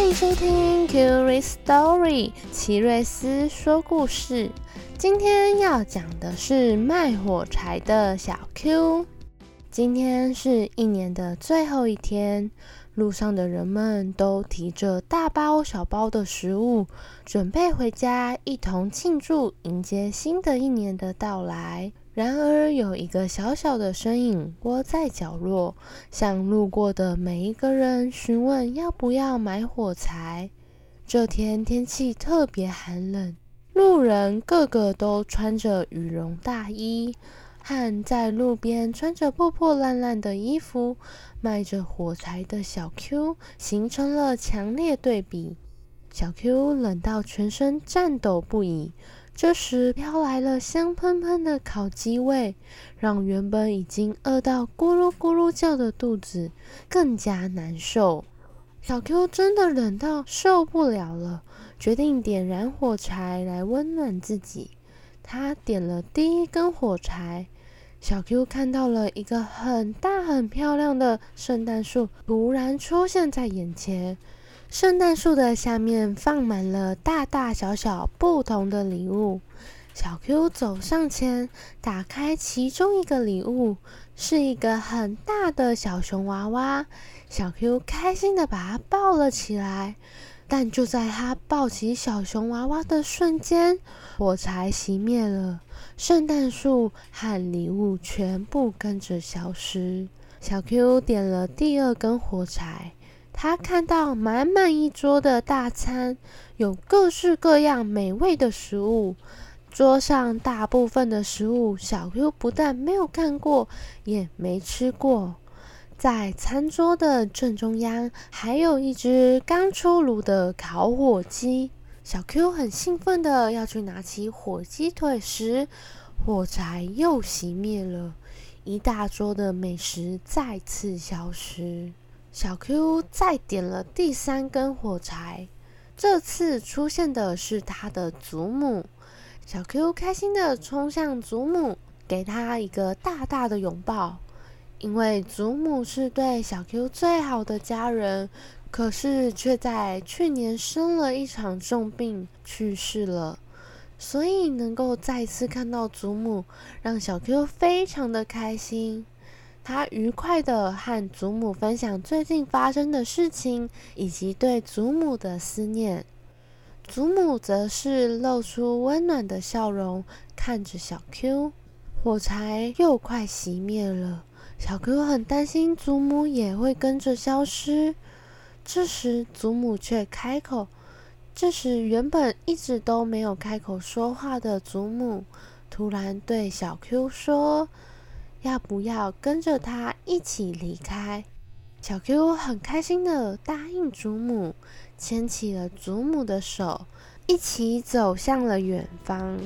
歡迎收聽《Curious Story》，奇瑞斯說故事。今天要講的是賣火柴的小 Q。今天是一年的最後一天，路上的人們都提着大包小包的食物，準備回家一同慶祝，迎接新的一年的到來。然而，有一個小小的身影窩在角落，向路過的每一個人詢問要不要買火柴。這天天氣特別寒冷，路人個個都穿着羽絨大衣，和在路邊穿着破破爛爛的衣服，賣着火柴的小 Q 形成了強烈對比。小 Q 冷到全身顫抖不已。這時飄來了香噴噴的烤雞味，讓原本已經餓到咕嚕咕嚕叫的肚子更加難受。小 Q 真的忍到受不了了，決定點燃火柴來溫暖自己。他點了第一根火柴，小 Q 看到了一個很大很漂亮的聖誕樹，突然出現在眼前。聖誕樹的下面放滿了大大小小不同的禮物。小 Q 走上前，打開其中一個禮物，是一個很大的小熊娃娃。小 Q 開心地把它抱了起來，但就在它抱起小熊娃娃的瞬間，火柴熄滅了，聖誕樹和禮物全部跟着消失。小 Q 點了第二根火柴。他看到滿滿一桌的大餐，有各式各樣美味的食物。桌上大部分的食物，小 Q 不但沒有看過，也沒吃過。在餐桌的正中央，還有一隻剛出爐的烤火雞。小 Q 很興奮地要去拿起火雞腿時，火柴又熄滅了，一大桌的美食再次消失。小 Q 再點了第三根火柴，這次出現的是他的祖母。小 Q 開心的衝向祖母，給他一個大大的擁抱，因為祖母是對小 Q 最好的家人，可是卻在去年生了一場重病去世了。所以能夠再次看到祖母，讓小 Q 非常的開心。他愉快地和祖母分享最近發生的事情，以及對祖母的思念。祖母則是露出溫暖的笑容，看着小 Q。火柴又快熄滅了，小 Q 很擔心祖母也會跟着消失。這時，祖母卻開口。這時，原本一直都沒有開口說話的祖母，突然對小 Q 說。要不要跟着他一起離開？小 Q 很開心的答應祖母，牽起了祖母的手，一起走向了遠方。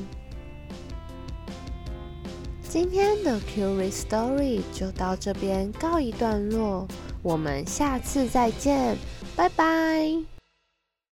今天的 Curious Story 就到這邊告一段落，我們下次再見，拜拜。